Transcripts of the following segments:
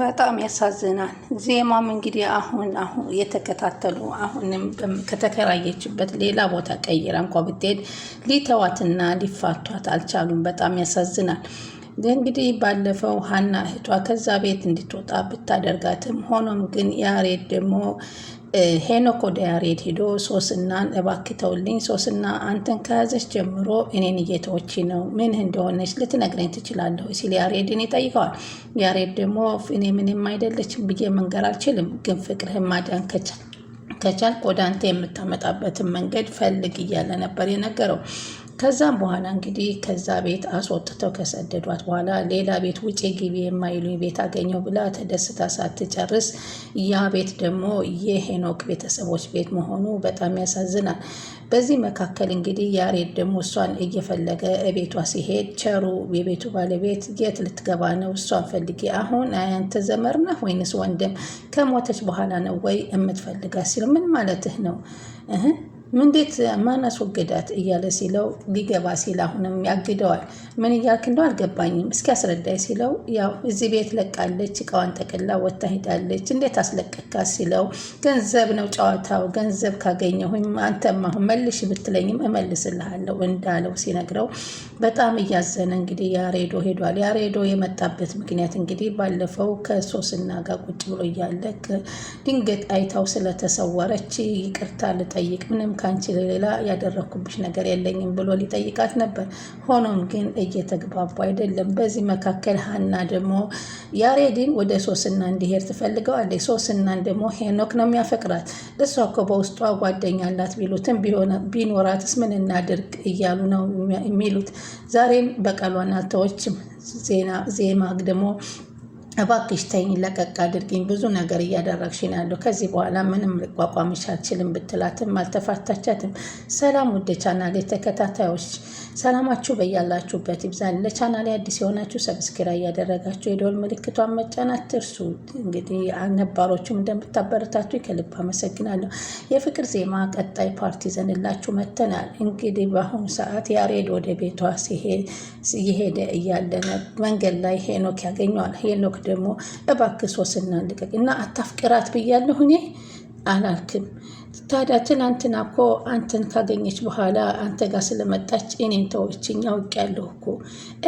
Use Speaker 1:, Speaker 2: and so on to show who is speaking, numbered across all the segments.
Speaker 1: በጣም ያሳዝናል። ዜማም እንግዲህ አሁን አሁን የተከታተሉ አሁንም ከተከራየችበት ሌላ ቦታ ቀይራ እንኳ ብትሄድ ሊተዋትና ሊፋቷት አልቻሉም። በጣም ያሳዝናል። እንግዲህ ባለፈው ሀና እህቷ ከዛ ቤት እንድትወጣ ብታደርጋትም ሆኖም ግን ያሬድ ደግሞ ሄኖክ ወደ ያሬድ ሄዶ ሶስናን እባክተውልኝ፣ ሶስና አንተን ከያዘች ጀምሮ እኔን እየተወች ነው። ምን እንደሆነች ልትነግረኝ ትችላለሁ ሲል ያሬድን ይጠይቀዋል። ያሬድ ደግሞ እኔ ምንም አይደለችም ብዬ መንገር አልችልም፣ ግን ፍቅርህን ማዳን ከቻል ወደ አንተ የምታመጣበትን መንገድ ፈልግ እያለ ነበር የነገረው። ከዛም በኋላ እንግዲህ ከዛ ቤት አስወጥተው ከሰደዷት በኋላ ሌላ ቤት ውጭ ግቢ የማይሉኝ ቤት አገኘው ብላ ተደስታ ሳትጨርስ ያ ቤት ደግሞ የሄኖክ ቤተሰቦች ቤት መሆኑ በጣም ያሳዝናል። በዚህ መካከል እንግዲህ ያሬድ ደግሞ እሷን እየፈለገ ቤቷ ሲሄድ ቸሩ የቤቱ ባለቤት የት ልትገባ ነው? እሷን ፈልጌ አሁን አያንተ ዘመድ ነህ ወይንስ ወንድም? ከሞተች በኋላ ነው ወይ የምትፈልጋ? ሲሉ ምን ማለትህ ነው? እንዴት ማን አስወገዳት እያለ ሲለው ሊገባ ሲል አሁንም ያግደዋል። ምን እያልክ እንደው አልገባኝም እስኪ አስረዳይ ሲለው ያው እዚህ ቤት ለቃለች፣ እቃዋን ጠቅላ ወታ ሄዳለች። እንዴት አስለቀካ ሲለው ገንዘብ ነው ጨዋታው፣ ገንዘብ ካገኘሁኝ አንተም አሁን መልሽ ብትለኝም እመልስልሃለሁ እንዳለው ሲነግረው በጣም እያዘነ እንግዲህ ያሬዶ ሄዷል። ያሬዶ የመጣበት ምክንያት እንግዲህ ባለፈው ከሶስና ጋር ቁጭ ብሎ እያለ ድንገት አይታው ስለተሰወረች ይቅርታ ልጠይቅ ምንም ከአንቺ ሌላ ያደረግኩብሽ ነገር የለኝም ብሎ ሊጠይቃት ነበር። ሆኖም ግን እየተግባቡ አይደለም። በዚህ መካከል ሀና ደግሞ ያሬድን ወደ ሶስና እንዲሄድ ትፈልገዋለች። ሶስናን ደግሞ ሄኖክ ነው የሚያፈቅራት። እሷ እኮ በውስጧ ጓደኛ አላት ቢሉትም ቢኖራትስ ምን እናድርግ እያሉ ነው የሚሉት። ዛሬም በቀሏን አልተወችም። ዜማ ደግሞ እባክሽ ተይኝ፣ ለቀቅ አድርጊኝ፣ ብዙ ነገር እያደረግሽኝ ያለው ከዚህ በኋላ ምንም ልቋቋምሽ አልችልም ብትላትም አልተፋታቻትም። ሰላም ውድ ቻናሌ ተከታታዮች ሰላማችሁ በያላችሁበት ይብዛል። ለቻናል አዲስ የሆናችሁ ሰብስክራ እያደረጋችሁ የደወል ምልክቷን መጫን አትርሱ። እንግዲህ ነባሮቹም እንደምታበረታቱ ከልብ አመሰግናለሁ። የፍቅር ዜማ ቀጣይ ፓርቲ ዘንላችሁ መተናል። እንግዲህ በአሁኑ ሰዓት ያሬድ ወደ ቤቷ እየሄደ እያለ መንገድ ላይ ሄኖክ ያገኘዋል። ሄኖክ ደግሞ እባክህ ሶስና ልቀቅ እና አታፍቅራት ብያለሁ እኔ አላልክም ታዲያ ትናንትና እኮ አንተን ካገኘች በኋላ አንተ ጋር ስለመጣች እኔን ተወችኝ አውቄያለሁ እኮ።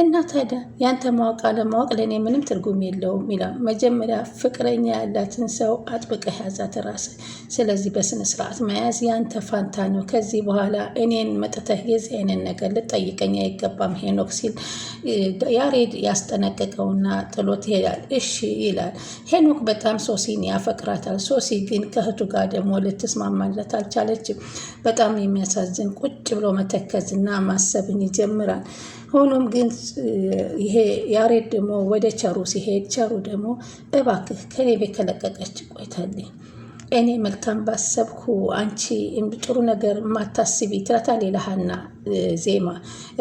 Speaker 1: እና ታዲያ ያንተ ማወቅ አለማወቅ ለእኔ ምንም ትርጉም የለውም ይላል። መጀመሪያ ፍቅረኛ ያላትን ሰው አጥብቀህ ያዛት ራስ። ስለዚህ በስነ ስርዓት መያዝ ያንተ ፋንታ ነው። ከዚህ በኋላ እኔን መጥተህ የዚህ አይነት ነገር ልጠይቀኝ አይገባም ሄኖክ ሲል ያሬድ ያስጠነቀቀውና ጥሎት ይሄዳል። እሺ ይላል ሄኖክ። በጣም ሶሲን ያፈቅራታል። ሶሲ ግን ከእህቱ ጋር ደግሞ ልትስማማ ማለት አልቻለችም። በጣም የሚያሳዝን ቁጭ ብሎ መተከዝ እና ማሰብን ይጀምራል። ሆኖም ግን ይሄ ያሬድ ደግሞ ወደ ቸሩ ሲሄድ ቸሩ ደግሞ እባክህ ከኔ ቤት ከለቀቀች ቆይታልኝ እኔ መልካም ባሰብኩ አንቺ ጥሩ ነገር ማታስቢ ትላታል ሌላሃና ዜማ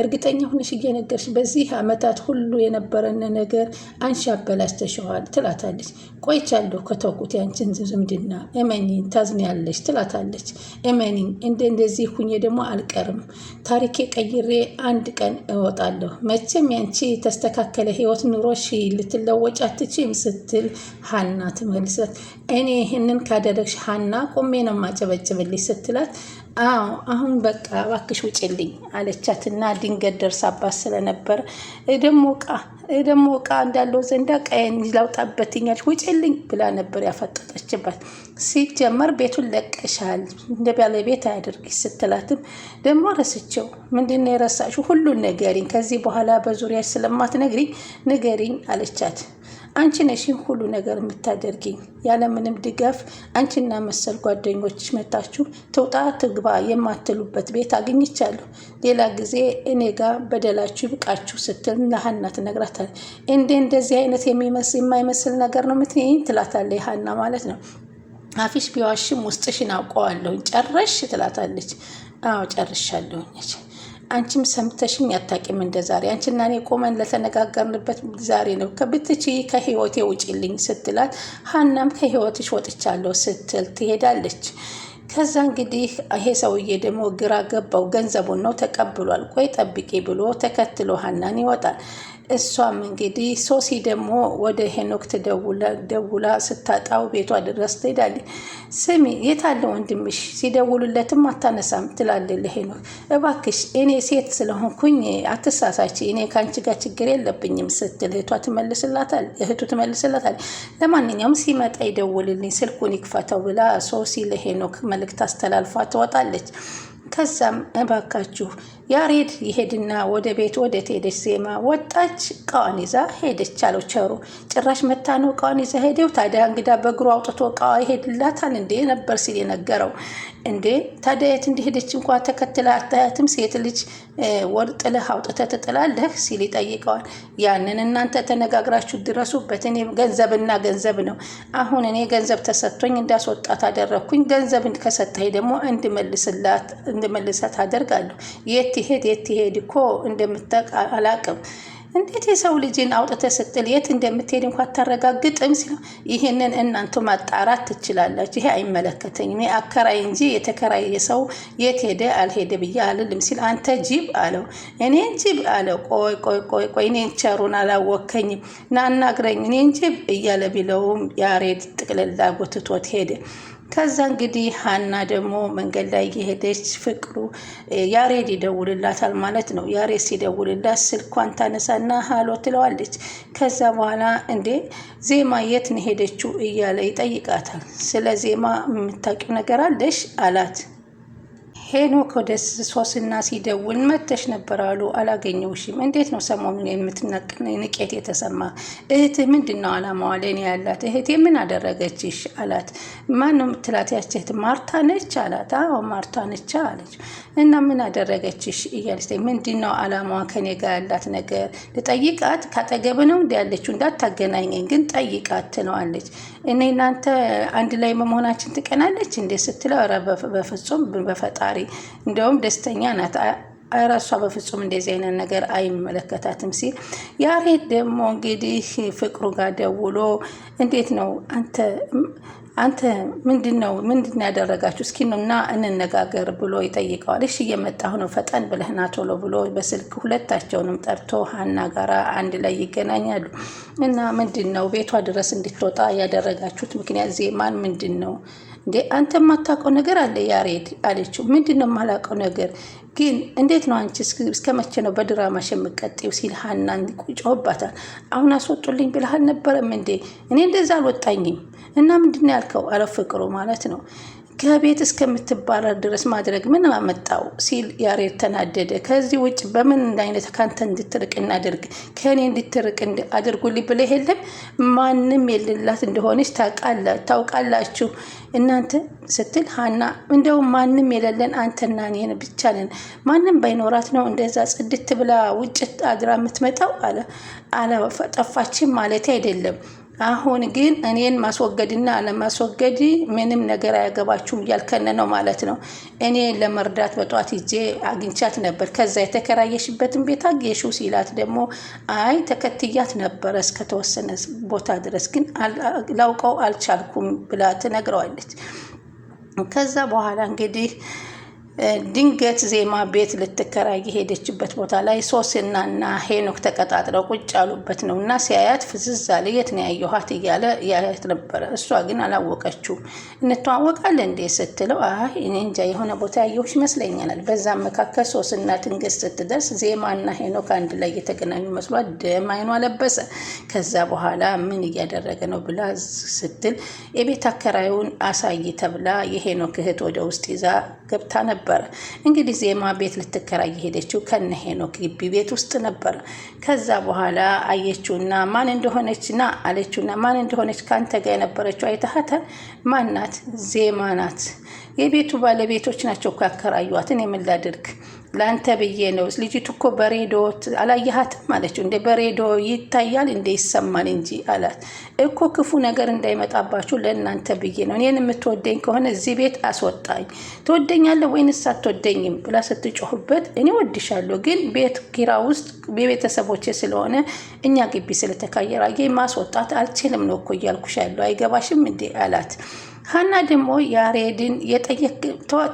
Speaker 1: እርግጠኛ ሁነሽ እየነገርሽ በዚህ ዓመታት ሁሉ የነበረን ነገር አንቺ አበላሽተሽዋል ትላታለች። ቆይቻለሁ ከተውኩት ያንቺን ዝምድና እመኒን ታዝኛለች ትላታለች። እመኒን እንደ እንደዚህ ሁኜ ደግሞ አልቀርም ታሪኬ ቀይሬ አንድ ቀን እወጣለሁ። መቼም ያንቺ ተስተካከለ ህይወት ኑሮሽ ልትለወጪ አትችም ስትል ሀና ትመልሰት እኔ ይህንን ካደረግሽ ሀና ቆሜ ነው ማጨበጭብልሽ ስትላት አዎ አሁን በቃ እባክሽ ውጭልኝ አለቻት ድንገት ደርሳባት ስለነበር ደሞ እቃ ደሞ እቃ እንዳለው ዘንዳ ቀየን ላውጣበትኛል ውጭልኝ ብላ ነበር ያፈጠጠችባት። ሲጀመር ቤቱን ለቀሻል እንደ ባለቤት አያደርግሽ ስትላትም ደግሞ ረስቸው ምንድን ነው ሁሉን ነገሪኝ፣ ከዚህ በኋላ በዙሪያ ስለማትነግሪኝ ንገሪኝ አለቻት። አንቺ ነሽን ሁሉ ነገር የምታደርጊኝ ያለምንም ድጋፍ አንቺና መሰል ጓደኞች መታችሁ ትውጣ ትግባ የማትሉበት ቤት አግኝቻለሁ። ሌላ ጊዜ እኔ ጋር በደላችሁ ይብቃችሁ ስትል ለሀና ትነግራታል። እንዴ እንደዚህ አይነት የሚመስል የማይመስል ነገር ነው ምትይኝ ትላታለች ሀና ማለት ነው። አፊሽ ቢዋሽም ውስጥሽን አውቀዋለሁኝ ጨረሽ ትላታለች። አዎ ጨርሻለሁኝ አንቺም ሰምተሽኝ አታውቂም እንደ ዛሬ አንቺና እኔ ቆመን ለተነጋገርንበት ዛሬ ነው። ከብትች ከህይወቴ ውጪልኝ ስትላት ሀናም ከህይወትሽ ወጥቻለሁ ስትል ትሄዳለች። ከዛ እንግዲህ ይሄ ሰውዬ ደግሞ ግራ ገባው። ገንዘቡን ነው ተቀብሏል። ቆይ ጠብቄ ብሎ ተከትሎ ሀናን ይወጣል። እሷም እንግዲህ ሶሲ ደግሞ ወደ ሄኖክ ደውላ ስታጣው ቤቷ ድረስ ትሄዳለች። ስሚ የታለ ወንድምሽ? ሲደውሉለትም አታነሳም ትላለች ለሄኖክ። እባክሽ እኔ ሴት ስለሆንኩኝ አትሳሳች፣ እኔ ከአንቺ ጋር ችግር የለብኝም ስትል እህቷ ትመልስላታል እህቱ ትመልስላታል። ለማንኛውም ሲመጣ ይደውልልኝ፣ ስልኩን ይክፈተው ብላ ሶሲ ለሄኖክ መልእክት አስተላልፋ ትወጣለች። ከዛም እባካችሁ ያሬድ ይሄድና ወደ ቤት ወደ ቴደች ዜማ ወጣች። እቃዋን ይዛ ሄደች አለው ቸሩ። ጭራሽ መታ ነው እቃዋን ይዛ ሄደው። ታዲያ እንግዳ በእግሩ አውጥቶ እቃዋ ይሄድላታል እንዴ ነበር ሲል የነገረው እንዴ ታዲያ የት እንደሄደች እንኳ ተከትላ አታያትም? ሴት ልጅ ወር ጥለህ አውጥተህ ትጥላለህ ሲል ይጠይቀዋል። ያንን እናንተ ተነጋግራችሁ ድረሱበት። እኔ ገንዘብና ገንዘብ ነው። አሁን እኔ ገንዘብ ተሰጥቶኝ እንዳስወጣት አደረግኩኝ። ገንዘብ ከሰጠኝ ደግሞ እንድመልሰት አደርጋለሁ። የት ይሄድ የት ይሄድ እኮ እንደምታውቅ አላቅም እንዴት የሰው ልጅን አውጥተ ስጥል የት እንደምትሄድ እንኳ አታረጋግጥም ሲለው ይህንን እናንተ ማጣራት ትችላላችሁ። ይሄ አይመለከተኝም። አከራይ እንጂ የተከራየ ሰው የት ሄደ አልሄደ ብዬ አልልም ሲል አንተ ጅብ አለው። እኔን ጅብ አለው። ቆይ ቆይ ቆይ ቆይ እኔን ቸሩን አላወከኝም፣ ናናግረኝ እኔን ጅብ እያለ ቢለውም ያሬድ ጥቅልላ ጎትቶት ሄደ። ከዛ እንግዲህ ሀና ደግሞ መንገድ ላይ የሄደች ፍቅሩ ያሬድ ይደውልላታል ማለት ነው። ያሬድ ሲደውልላት ስልኳን ታነሳና ሀሎ ትለዋለች። ከዛ በኋላ እንዴ ዜማ የት ነው ሄደችው እያለ ይጠይቃታል። ስለ ዜማ የምታውቂው ነገር አለሽ አላት። ሄኖክ ወደ ሶስና ሲደውል መተሽ ነበር አሉ። አላገኘውሽም። እንዴት ነው ሰሞኑን የምትንቄት የተሰማ? እህት ምንድን ነው አላማዋ ለእኔ ያላት? እህቴ ምን አደረገችሽ አላት። ማን ነው የምትላት? ያች እህት ማርታ ነች አላት። አዎ ማርታ ነች አለች። እና ምን አደረገችሽ እያለች ምንድን ነው አላማዋ ከኔ ጋር ያላት ነገር? ልጠይቃት። ካጠገብ ነው እንዲ ያለችው። እንዳታገናኘኝ ግን ጠይቃት ትለዋለች። እኔ እናንተ አንድ ላይ በመሆናችን ትቀናለች እንዴ ስትለው፣ ኧረ በፍጹም በፈጣ ዛሬ እንደውም ደስተኛ ናት። እራሷ በፍጹም እንደዚህ አይነት ነገር አይመለከታትም ሲል ያሬድ ደግሞ እንግዲህ ፍቅሩ ጋር ደውሎ እንዴት ነው አንተ አንተ ምንድን ነው ምንድን ያደረጋችሁ? እስኪ እና እንነጋገር ብሎ ይጠይቀዋል። እሺ እየመጣሁ ነው ፈጠን ብለህና ቶሎ ብሎ በስልክ ሁለታቸውንም ጠርቶ ሀና ጋራ አንድ ላይ ይገናኛሉ። እና ምንድን ነው ቤቷ ድረስ እንድትወጣ ያደረጋችሁት ምክንያት ዜማን ምንድን ነው? እንዴ አንተ የማታውቀው ነገር አለ ያሬድ አለችው። ምንድን ነው የማላውቀው ነገር ግን እንዴት ነው አንቺ እስከ መቼ ነው በድራማ የምቀጤው? ሲል ሀና ጮህባታል። አሁን አስወጡልኝ ብለሃል ነበረም እንዴ? እኔ እንደዛ አልወጣኝም እና ምንድን ነው ያልከው? አለ ፍቅሩ ማለት ነው ከቤት እስከምትባረር ድረስ ማድረግ ምን አመጣው? ሲል ያሬድ ተናደደ። ከዚህ ውጭ በምን አይነት ካንተ እንድትርቅ እናደርግ ከእኔ እንድትርቅ አድርጉልኝ ብለ የለም ማንም የልላት እንደሆነች ታውቃላችሁ እናንተ ስትል ሀና፣ እንደውም ማንም የሌለን አንተና እኔን ብቻ ነን። ማንም ባይኖራት ነው እንደዛ ጽድት ብላ ውጭት አድራ የምትመጣው አለ። አለ ጠፋችን ማለት አይደለም አሁን ግን እኔን ማስወገድና ለማስወገድ ምንም ነገር አያገባችሁም እያልከነ ነው ማለት ነው። እኔ ለመርዳት በጠዋት ይዤ አግኝቻት ነበር። ከዛ የተከራየሽበትን ቤት አየሽው ሲላት ደግሞ አይ ተከትያት ነበረ እስከተወሰነ ቦታ ድረስ ግን ላውቀው አልቻልኩም ብላ ትነግረዋለች። ከዛ በኋላ እንግዲህ ድንገት ዜማ ቤት ልትከራይ የሄደችበት ቦታ ላይ ሶስና እና ሄኖክ ተቀጣጥረው ቁጭ ያሉበት ነው እና ሲያያት ፍዝዝ አለ። የት ነው ያየኋት እያለ ያያት ነበረ። እሷ ግን አላወቀችውም። እንተዋወቃለን እንዴ ስትለው አይ እኔ እንጃ የሆነ ቦታ ያየሁሽ ይመስለኛል። በዛ መካከል ሶስና ድንገት ስትደርስ ዜማና ሄኖክ አንድ ላይ የተገናኙ መስሏት ደም አይኗ ለበሰ። ከዛ በኋላ ምን እያደረገ ነው ብላ ስትል የቤት አከራዩን አሳይ ተብላ የሄኖክ እህት ወደ ውስጥ ይዛ ገብታ ነበር። ነበረ። እንግዲህ ዜማ ቤት ልትከራይ የሄደችው ከነ ሄኖክ ግቢ ቤት ውስጥ ነበረ። ከዛ በኋላ አየችውና ማን እንደሆነች ና አለችውና ማን እንደሆነች ከአንተ ጋር የነበረችው አይተሃታል? ማናት? ዜማ ናት። የቤቱ ባለቤቶች ናቸው እኮ ያከራዩዋትን ለአንተ ብዬ ነው። ልጅቱ እኮ በሬዲዮ አላየሃትም አለችው። እንደ በሬዲዮ ይታያል እንደ ይሰማል እንጂ አላት። እኮ ክፉ ነገር እንዳይመጣባችሁ ለእናንተ ብዬ ነው። እኔን የምትወደኝ ከሆነ እዚህ ቤት አስወጣኝ። ትወደኛለህ ወይንስ አትወደኝም ብላ ስትጮህበት፣ እኔ ወድሻለሁ፣ ግን ቤት ኪራ ውስጥ የቤተሰቦቼ ስለሆነ እኛ ግቢ ስለተካየራየ ማስወጣት አልችልም ነው እኮ እያልኩሻለሁ። አይገባሽም እንዴ አላት። ሀና ደግሞ ያሬድን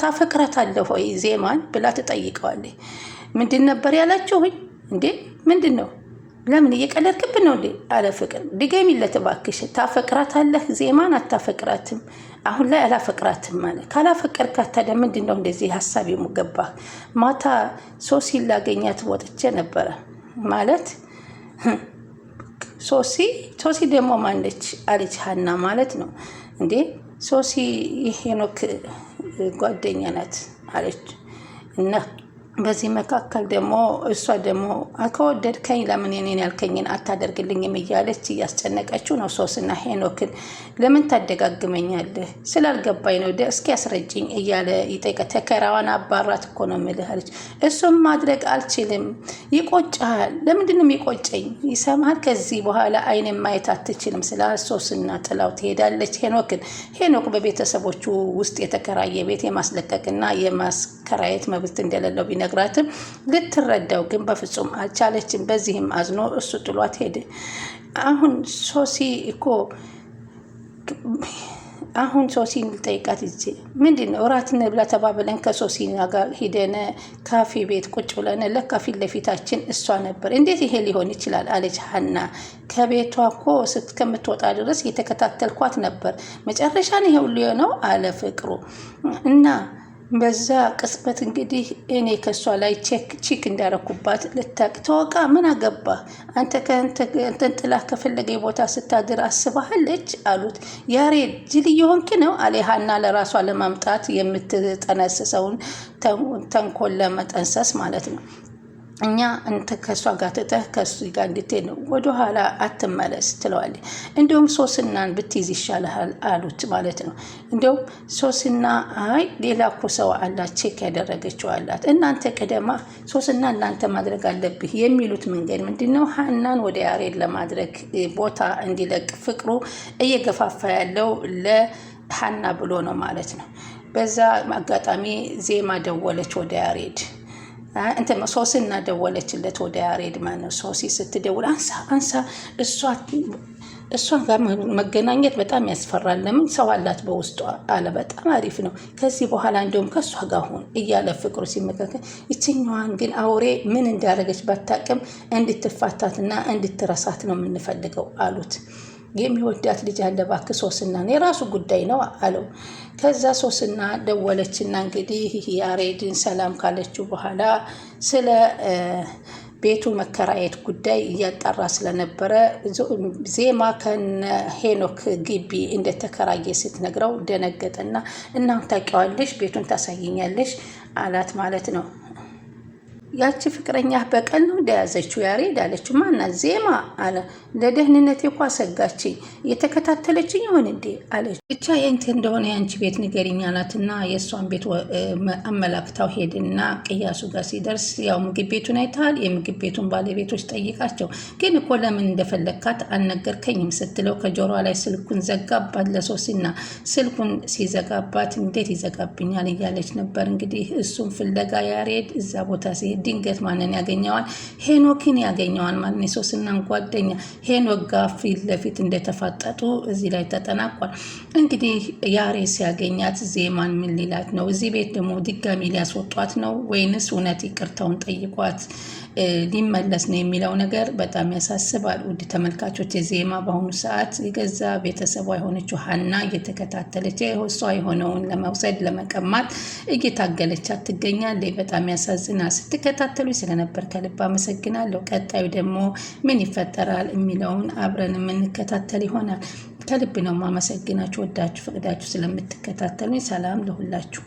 Speaker 1: ታፈቅራታለህ ወይ ዜማን ብላ ትጠይቀዋለች። ምንድን ነበር ያላችሁኝ እንዴ? ምንድን ነው? ለምን እየቀለድክብን ነው እንዴ? አለ ፍቅር። ድገሚለት እባክሽ። ታፈቅራታለህ ዜማን? አታፈቅራትም? አሁን ላይ አላፈቅራትም ማለት ካላፈቀርካት፣ ታዲያ ምንድን ነው እንደዚህ ሀሳብ የሙገባ? ማታ ሶሲ ላገኛት ወጥቼ ነበረ ማለት ሶሲ ሶሲ ደግሞ ማነች? አለች ሀና ማለት ነው እንዴ ሶሲ የሄኖክ ጓደኛ ናት አለች እና በዚህ መካከል ደግሞ እሷ ደግሞ ከወደድከኝ ለምን የኔን ያልከኝን አታደርግልኝም እያለች እያስጨነቀችው ነው። ሶስና ሄኖክን ለምን ታደጋግመኛለህ ስላልገባኝ ነው እስኪ ያስረጅኝ እያለ ይጠይቀ ተከራዋን አባራት እኮ ነው የምልህ እሱም ማድረግ አልችልም ይቆጭሃል። ለምንድንም ይቆጨኝ ይሰማል ከዚህ በኋላ አይን ማየት አትችልም ስላል ሶስና ጥላው ትሄዳለች ሄኖክን። ሄኖክ በቤተሰቦቹ ውስጥ የተከራየ ቤት የማስለቀቅና የማስከራየት መብት እንደሌለው ቢነግራትም ልትረዳው ግን በፍጹም አልቻለችም። በዚህም አዝኖ እሱ ጥሏት ሄደ። አሁን ሶሲ እኮ አሁን ሶሲን ልጠይቃት ይዤ ምንድን ነው እራት እንብላ ተባብለን ከሶሲና ጋር ሂደን ካፌ ቤት ቁጭ ብለን ለካ ፊት ለፊታችን እሷ ነበር። እንዴት ይሄ ሊሆን ይችላል? አለች ሀና። ከቤቷ እኮ እስከምትወጣ ድረስ የተከታተልኳት ነበር። መጨረሻን ይሄ ሁሉ የሆነው አለ ፍቅሩ እና በዛ ቅጽበት እንግዲህ እኔ ከእሷ ላይ ቺክ እንዳረኩባት ልታቅ ተወቃ ምን አገባ አንተ ከንተን ጥላ ከፈለገ ቦታ ስታድር አስባሃለች አሉት። ያሬ ጅል የሆንክ ነው አሌሃና ለራሷ ለማምጣት የምትጠነስሰውን ተንኮል ለመጠንሰስ ማለት ነው። እኛ ከእሷ ጋር ትተህ ከሱ ጋር እንድትሄድ ነው፣ ወደኋላ አትመለስ ትለዋለች። እንዲሁም ሶስናን ብትይዝ ይሻልሃል አሉት ማለት ነው። እንዲሁም ሶስና አይ ሌላ እኮ ሰው አላት፣ ቼክ ያደረገችው አላት፣ እናንተ ቅደማ ሶስና፣ እናንተ ማድረግ አለብህ የሚሉት መንገድ ምንድን ነው? ሀናን ወደ ያሬድ ለማድረግ ቦታ እንዲለቅ ፍቅሩ እየገፋፋ ያለው ለሀና ብሎ ነው ማለት ነው። በዛ አጋጣሚ ዜማ ደወለች ወደ ያሬድ እንተ ሶስና እናደወለችለት ወደ ያሬድ ማነው ሶሲ ስትደውል አንሳ አንሳ እሷን ጋር መገናኘት በጣም ያስፈራል። ለምን ሰው አላት በውስጡ አለ። በጣም አሪፍ ነው። ከዚህ በኋላ እንዲሁም ከእሷ ጋር ሁን እያለ ፍቅሩ ሲመካከል፣ ይችኛዋን ግን አውሬ ምን እንዳደረገች ባታቅም እንድትፋታትና እንድትረሳት ነው የምንፈልገው አሉት። የሚወዳት ልጅ አለ እባክህ ሶስና ነው የራሱ ጉዳይ ነው አለው። ከዛ ሶስና ደወለችና እንግዲህ ያሬድን ሰላም ካለችው በኋላ ስለ ቤቱ መከራየት ጉዳይ እያጣራ ስለነበረ ዜማ ከነ ሄኖክ ግቢ እንደተከራየ ስትነግረው ደነገጠና እናም ታውቂዋለሽ፣ ቤቱን ታሳየኛለሽ አላት ማለት ነው። ያቺ ፍቅረኛ በቀል ነው እንደያዘችው ያሬድ አለችው። ማናት ዜማ አለ። ለደህንነቴ እኮ አሰጋችኝ። የተከታተለችኝ ይሆን እንዴ አለች። ብቻ
Speaker 2: የእንት እንደሆነ የአንቺ ቤት ንገሪኛ ናትና የእሷን ቤት አመላክታው ሄድና ቅያሱ ጋር ሲደርስ ያው ምግብ ቤቱን አይተሃል? የምግብ ቤቱን ባለቤቶች ጠይቃቸው። ግን እኮ ለምን እንደፈለግካት አልነገርከኝም ስትለው ከጆሮ ላይ ስልኩን ዘጋባት። ለሶሲና ስልኩን ሲዘጋባት እንዴት ይዘጋብኛል እያለች ነበር። እንግዲህ እሱን ፍለጋ ያሬድ እዛ ቦታ ሲሄድ ድንገት ማንን ያገኘዋል? ሄኖክን ያገኘዋል። ማን የሶስናን ጓደኛ ሄኖክ ጋር ፊት ለፊት እንደተፋጠጡ እዚህ ላይ ተጠናቋል። እንግዲህ ያሬስ ያገኛት ዜማን ምን ሊላት ነው? እዚህ ቤት ደግሞ ድጋሚ ሊያስወጧት ነው ወይንስ እውነት ይቅርታውን ጠይቋት ሊመለስ ነው የሚለው ነገር በጣም ያሳስባል። ውድ ተመልካቾች የዜማ በአሁኑ ሰዓት የገዛ ቤተሰቧ የሆነችው ሀና እየተከታተለች እሷ የሆነውን ለመውሰድ ለመቀማት እየታገለች ትገኛለች። በጣም ያሳዝናል። ስትከታተሉ ስለነበር ከልብ አመሰግናለሁ። ቀጣዩ ደግሞ ምን ይፈጠራል የሚለውን አብረን የምንከታተል ይሆናል። ከልብ ነው የማመሰግናችሁ። ወዳችሁ ፈቅዳችሁ ስለምትከታተሉኝ ሰላም ለሁላችሁ።